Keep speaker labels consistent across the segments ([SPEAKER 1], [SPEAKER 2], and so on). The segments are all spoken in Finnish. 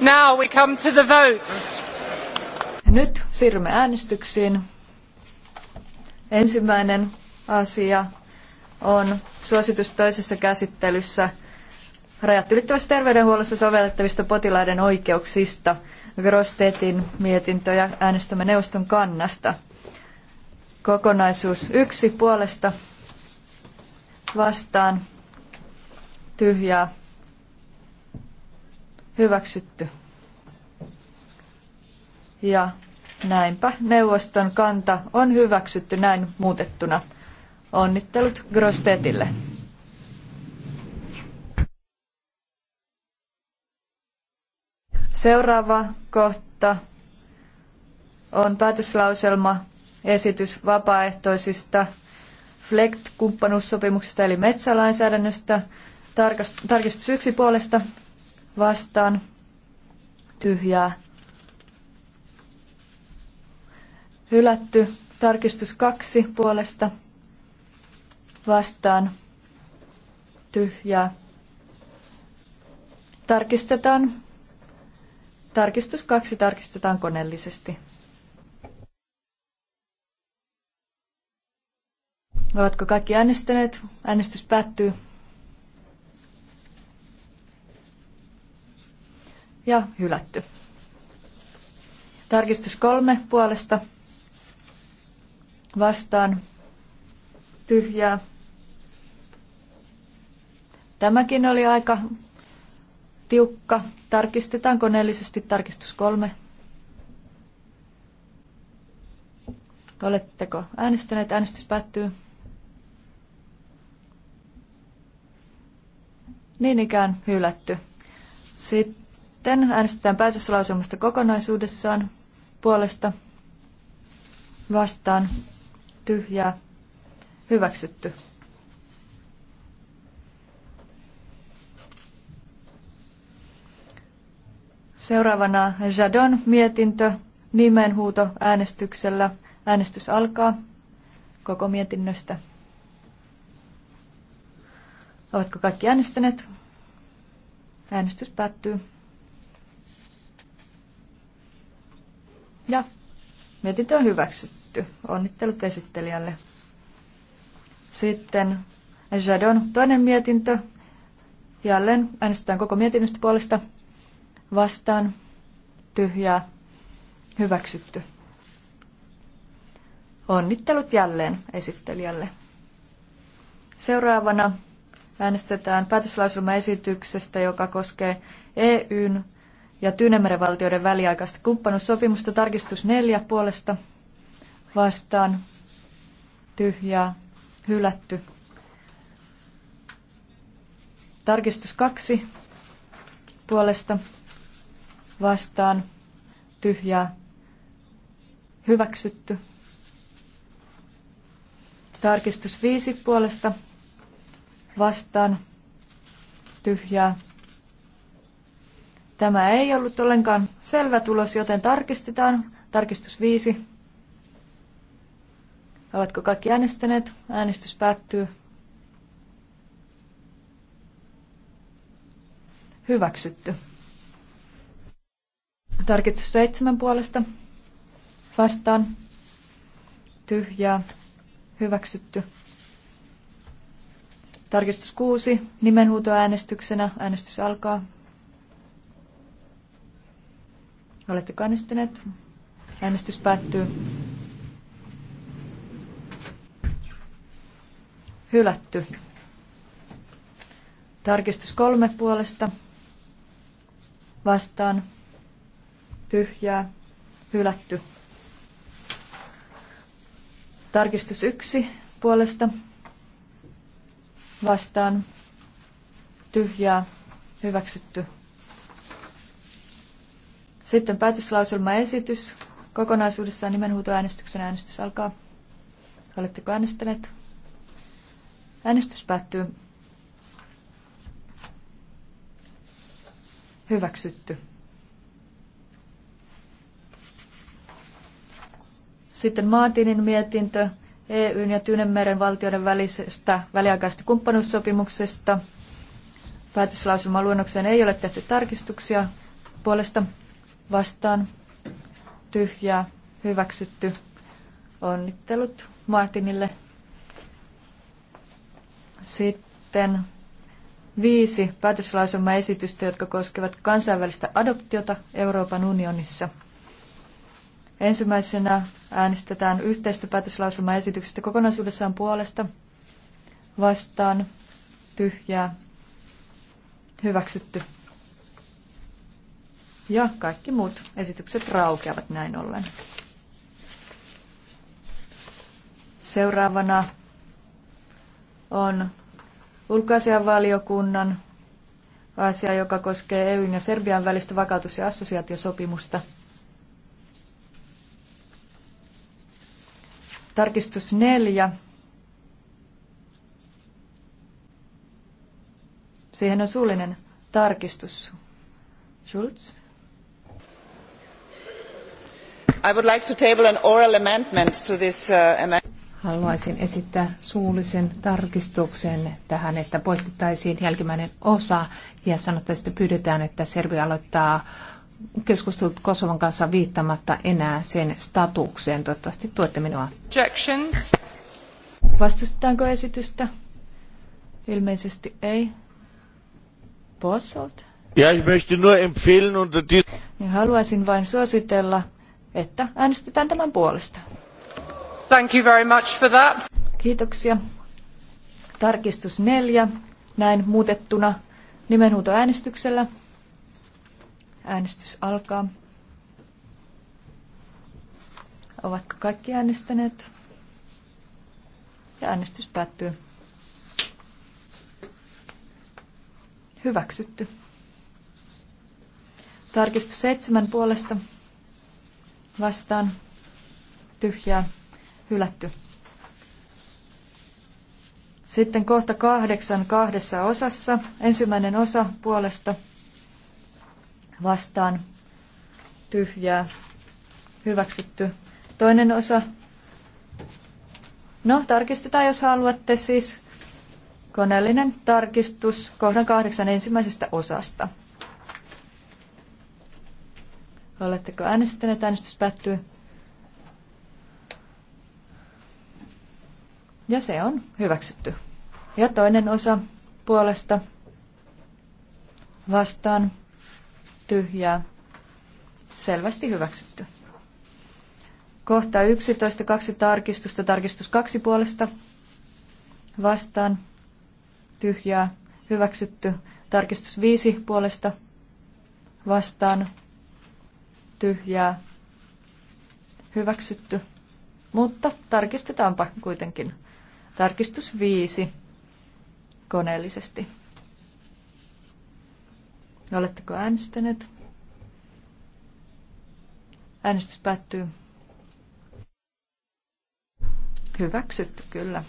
[SPEAKER 1] Now we come to the votes.
[SPEAKER 2] Nyt siirrymme äänestyksiin. Ensimmäinen asia on suositus toisessa käsittelyssä rajat ylittävässä terveydenhuollossa sovellettavista potilaiden oikeuksista. Grostetin mietintö ja äänestämme neuvoston kannasta. Kokonaisuus yksi puolesta vastaan tyhjää hyväksytty. Ja näinpä neuvoston kanta on hyväksytty näin muutettuna. Onnittelut Grostetille. Seuraava kohta on päätöslauselma esitys vapaaehtoisista FLECT-kumppanuussopimuksista eli metsälainsäädännöstä. Tarkistus yksi puolesta vastaan tyhjää hylätty. Tarkistus kaksi puolesta vastaan tyhjää. Tarkistetaan. Tarkistus kaksi tarkistetaan koneellisesti. Ovatko kaikki äänestäneet? Äänestys päättyy. ja hylätty. Tarkistus kolme puolesta vastaan tyhjää. Tämäkin oli aika tiukka. Tarkistetaan koneellisesti tarkistus kolme. Oletteko äänestäneet? Äänestys päättyy. Niin ikään hylätty. Sitten sitten äänestetään päätöslauselmasta kokonaisuudessaan puolesta vastaan tyhjää hyväksytty. Seuraavana Jadon mietintö nimenhuuto äänestyksellä. Äänestys alkaa koko mietinnöstä. Ovatko kaikki äänestäneet? Äänestys päättyy. Ja mietintö on hyväksytty. Onnittelut esittelijälle. Sitten Jadon toinen mietintö. Jälleen äänestetään koko mietinnöstä puolesta vastaan tyhjää hyväksytty. Onnittelut jälleen esittelijälle. Seuraavana äänestetään päätöslauselmaesityksestä, joka koskee EUn ja Tyynemeren valtioiden väliaikaista kumppanuussopimusta tarkistus neljä puolesta vastaan tyhjää hylätty. Tarkistus kaksi puolesta vastaan tyhjää hyväksytty. Tarkistus viisi puolesta vastaan tyhjää Tämä ei ollut ollenkaan selvä tulos, joten tarkistetaan. Tarkistus 5. Ovatko kaikki äänestäneet? Äänestys päättyy. Hyväksytty. Tarkistus 7 puolesta. Vastaan. Tyhjää. Hyväksytty. Tarkistus 6. Nimenhuutoäänestyksenä. Äänestys alkaa. Oletteko kannistuneet. Äänestys päättyy. Hylätty. Tarkistus kolme puolesta. Vastaan. Tyhjää. Hylätty. Tarkistus yksi puolesta. Vastaan. Tyhjää. Hyväksytty. Sitten päätöslauselmaesitys. Kokonaisuudessaan nimenhuutoäänestyksen äänestys alkaa. Oletteko äänestäneet? Äänestys päättyy. Hyväksytty. Sitten Maatinin mietintö EUn ja Tyynemeren valtioiden välisestä väliaikaista kumppanuussopimuksesta. Päätöslauselman luonnokseen ei ole tehty tarkistuksia puolesta vastaan tyhjää hyväksytty. Onnittelut Martinille. Sitten viisi esitystä, jotka koskevat kansainvälistä adoptiota Euroopan unionissa. Ensimmäisenä äänestetään yhteistä esityksestä kokonaisuudessaan puolesta vastaan tyhjää hyväksytty. Ja kaikki muut esitykset raukeavat näin ollen. Seuraavana on ulkoasianvaliokunnan asia, joka koskee EUn ja Serbian välistä vakautus- ja assosiaatiosopimusta. Tarkistus neljä. Siihen on suullinen tarkistus. Schulz? Haluaisin esittää suullisen tarkistuksen tähän, että poistettaisiin jälkimmäinen osa ja sanottaisiin, että pyydetään, että Serbia aloittaa keskustelut Kosovan kanssa viittamatta enää sen statukseen. Toivottavasti tuette minua. Objections. Vastustetaanko esitystä? Ilmeisesti ei. Posselt?
[SPEAKER 1] Ja, ich möchte nur empfehlen unter
[SPEAKER 2] Haluaisin vain suositella että äänestetään tämän puolesta.
[SPEAKER 1] Thank you very much for that.
[SPEAKER 2] Kiitoksia. Tarkistus neljä, näin muutettuna nimenhuutoäänestyksellä. Äänestys alkaa. Ovatko kaikki äänestäneet? Ja äänestys päättyy. Hyväksytty. Tarkistus seitsemän puolesta vastaan tyhjää hylätty. Sitten kohta kahdeksan kahdessa osassa. Ensimmäinen osa puolesta vastaan tyhjää hyväksytty. Toinen osa. No, tarkistetaan, jos haluatte siis koneellinen tarkistus kohdan kahdeksan ensimmäisestä osasta. Oletteko äänestäneet? Äänestys päättyy. Ja se on hyväksytty. Ja toinen osa puolesta vastaan tyhjää. Selvästi hyväksytty. Kohta 11, kaksi tarkistusta, tarkistus kaksi puolesta vastaan tyhjää, hyväksytty. Tarkistus viisi puolesta vastaan tyhjää, hyväksytty. Mutta tarkistetaanpa kuitenkin. Tarkistus 5 koneellisesti. Oletteko äänestäneet? Äänestys päättyy. Hyväksytty kyllä.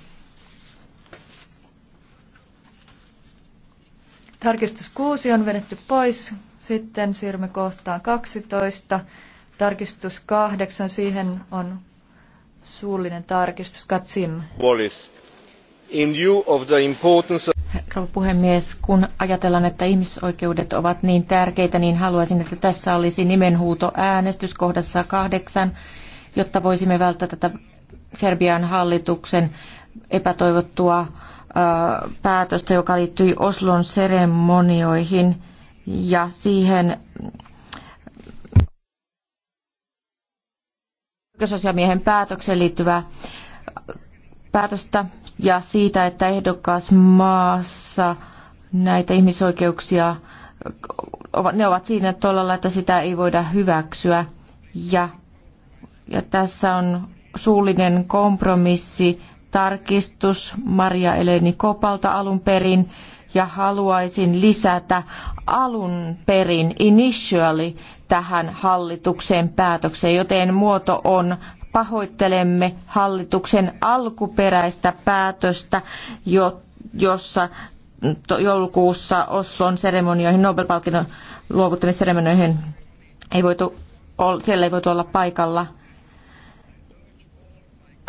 [SPEAKER 2] Tarkistus 6 on vedetty pois. Sitten siirrymme kohtaan 12. Tarkistus 8, siihen on
[SPEAKER 1] suullinen tarkistus. Katsim. In view of the importance of... Rouva puhemies, kun ajatellaan, että ihmisoikeudet ovat niin tärkeitä, niin haluaisin, että tässä olisi nimenhuuto äänestys kohdassa kahdeksan, jotta voisimme välttää tätä Serbian hallituksen epätoivottua päätöstä, joka liittyi Oslon seremonioihin ja siihen oikeusasiamiehen päätökseen liittyvää päätöstä ja siitä, että ehdokas maassa näitä ihmisoikeuksia, ne ovat siinä tolalla, että sitä ei voida hyväksyä. Ja, ja tässä on suullinen kompromissi tarkistus Maria Eleni Kopalta alun perin ja haluaisin lisätä alun perin initially tähän hallituksen päätökseen, joten muoto on pahoittelemme hallituksen alkuperäistä päätöstä, jossa joulukuussa Oslon seremonioihin, Nobel-palkinnon luovuttamisseremonioihin ei voitu, siellä ei voitu olla paikalla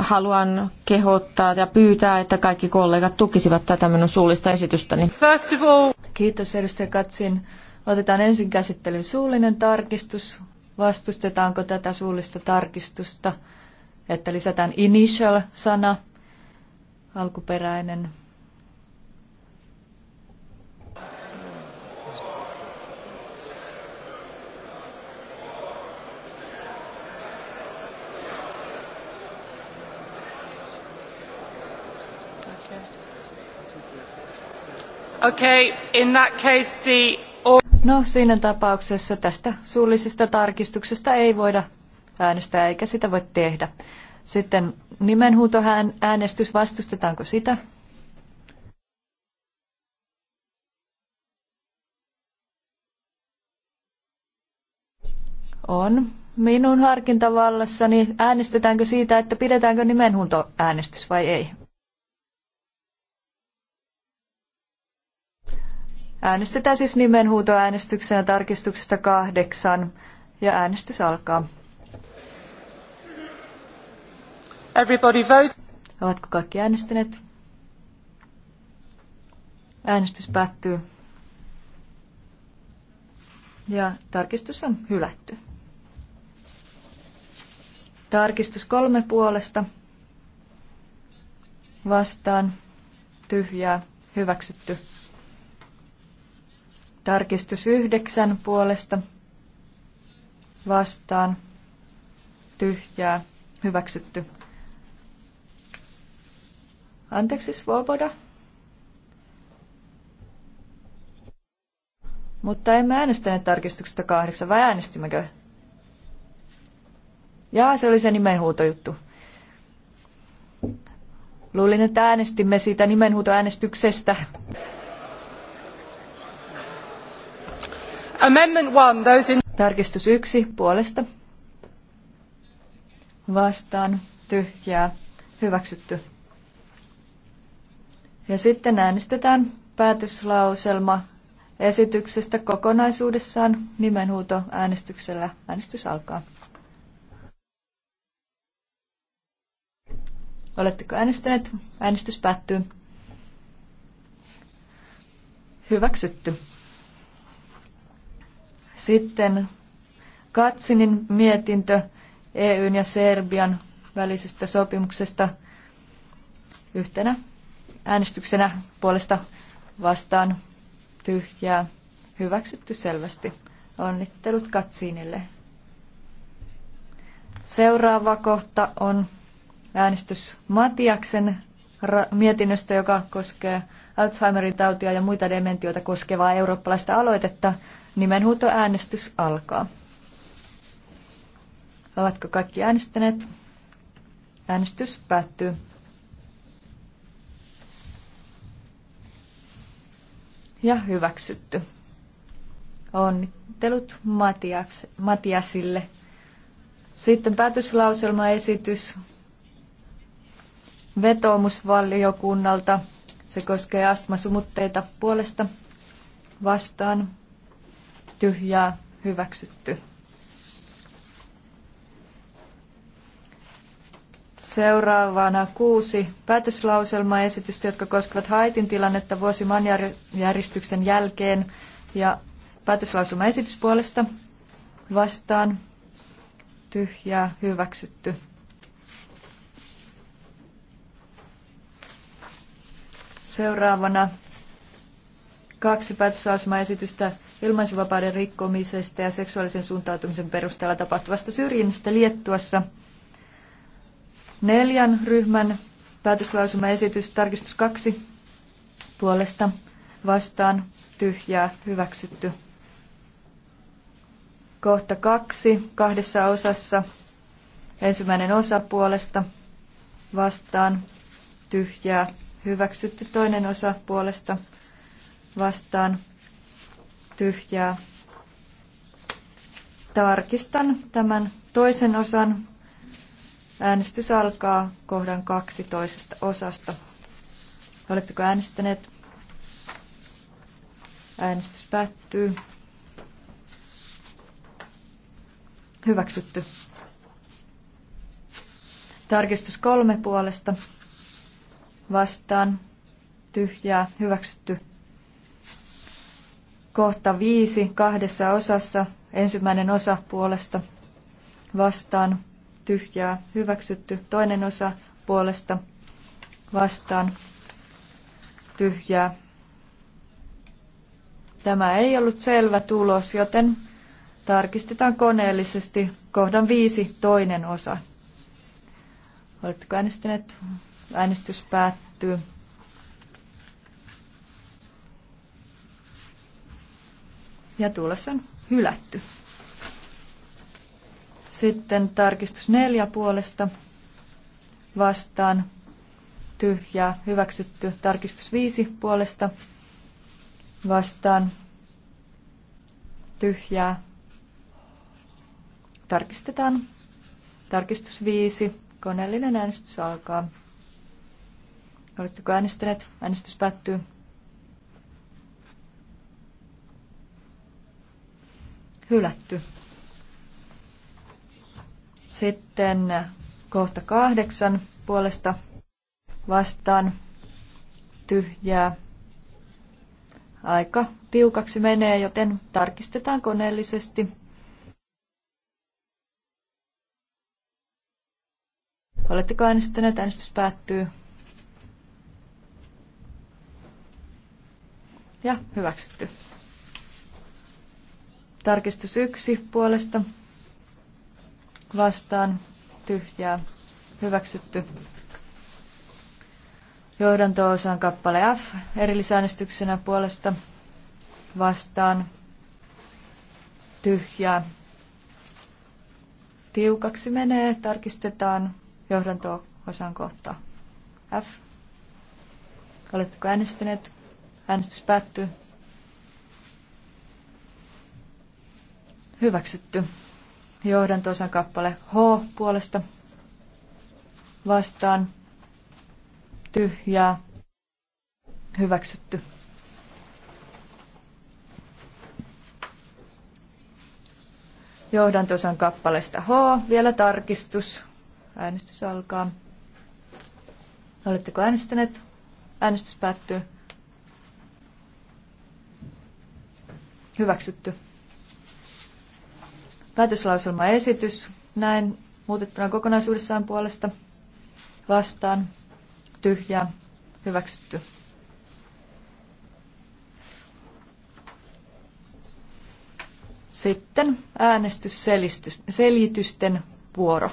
[SPEAKER 1] haluan kehottaa ja pyytää, että kaikki kollegat tukisivat tätä minun suullista esitystäni.
[SPEAKER 2] First of all... Kiitos edustaja Katsin. Otetaan ensin käsittelyyn suullinen tarkistus. Vastustetaanko tätä suullista tarkistusta, että lisätään initial-sana, alkuperäinen Okay, in that case the... No siinä tapauksessa tästä suullisesta tarkistuksesta ei voida äänestää eikä sitä voi tehdä. Sitten nimenhuutohän äänestys, vastustetaanko sitä? On. Minun harkintavallassani niin äänestetäänkö siitä, että pidetäänkö äänestys vai ei? Äänestetään siis nimenhuutoäänestyksenä tarkistuksesta kahdeksan ja äänestys alkaa. Everybody vote. Ovatko kaikki äänestäneet? Äänestys päättyy. Ja tarkistus on hylätty. Tarkistus kolme puolesta. Vastaan. Tyhjää. Hyväksytty. Tarkistus yhdeksän puolesta vastaan tyhjää hyväksytty. Anteeksi Svoboda. Mutta emme äänestäneet tarkistuksesta kahdeksan, vai äänestimmekö? Jaa, se oli se nimenhuutojuttu. Luulin, että äänestimme siitä nimenhuutoäänestyksestä. Amendment Tarkistus yksi puolesta. Vastaan tyhjää hyväksytty. Ja sitten äänestetään päätöslauselma esityksestä kokonaisuudessaan nimenhuuto äänestyksellä. Äänestys alkaa. Oletteko äänestäneet? Äänestys päättyy. Hyväksytty. Sitten Katsinin mietintö EUn ja Serbian välisestä sopimuksesta yhtenä äänestyksenä puolesta vastaan tyhjää hyväksytty selvästi. Onnittelut Katsinille. Seuraava kohta on äänestys Matiaksen mietinnöstä, joka koskee Alzheimerin tautia ja muita dementioita koskevaa eurooppalaista aloitetta. Nimenhuutoäänestys alkaa. Ovatko kaikki äänestäneet? Äänestys päättyy. Ja hyväksytty. Onnittelut Matias, Matiasille. Sitten päätöslauselmaesitys vetoomusvaliokunnalta. Se koskee astmasumutteita puolesta vastaan tyhjää hyväksytty. Seuraavana kuusi päätöslauselmaesitystä, jotka koskevat Haitin tilannetta järjestyksen jälkeen. Ja esitys puolesta vastaan tyhjää hyväksytty. Seuraavana kaksi päätöslausumaesitystä ilmaisuvapauden rikkomisesta ja seksuaalisen suuntautumisen perusteella tapahtuvasta syrjinnästä Liettuassa. Neljän ryhmän päätöslausumaesitys tarkistus kaksi puolesta vastaan tyhjää hyväksytty. Kohta kaksi kahdessa osassa. Ensimmäinen osa puolesta vastaan tyhjää hyväksytty toinen osa puolesta vastaan tyhjää. Tarkistan tämän toisen osan. Äänestys alkaa kohdan kaksi toisesta osasta. Oletteko äänestäneet? Äänestys päättyy. Hyväksytty. Tarkistus kolme puolesta vastaan tyhjää hyväksytty. Kohta viisi kahdessa osassa ensimmäinen osa puolesta vastaan tyhjää hyväksytty. Toinen osa puolesta vastaan tyhjää. Tämä ei ollut selvä tulos, joten tarkistetaan koneellisesti kohdan viisi toinen osa. Oletteko äänestäneet? Äänestys päättyy. Ja tulos on hylätty. Sitten tarkistus neljä puolesta vastaan tyhjää hyväksytty. Tarkistus viisi puolesta vastaan tyhjää. Tarkistetaan. Tarkistus viisi Koneellinen äänestys alkaa. Oletteko äänestäneet? Äänestys päättyy. Hylätty. Sitten kohta kahdeksan puolesta vastaan tyhjää. Aika tiukaksi menee, joten tarkistetaan koneellisesti. Oletteko äänestäneet? Äänestys päättyy. ja hyväksytty. Tarkistus yksi puolesta vastaan tyhjää hyväksytty. Johdanto-osaan kappale F erillisäänestyksenä puolesta vastaan tyhjää. Tiukaksi menee, tarkistetaan johdanto-osan kohta F. Oletteko äänestäneet? Äänestys päättyy. Hyväksytty. Johdantosan kappale H puolesta. Vastaan. Tyhjää. Hyväksytty. Johdantosan kappaleesta H. Vielä tarkistus. Äänestys alkaa. Oletteko äänestäneet? Äänestys päättyy. Hyväksytty. Päätöslauselmaesitys näin muutettuna kokonaisuudessaan puolesta vastaan tyhjää hyväksytty. Sitten äänestysselitysten vuoro.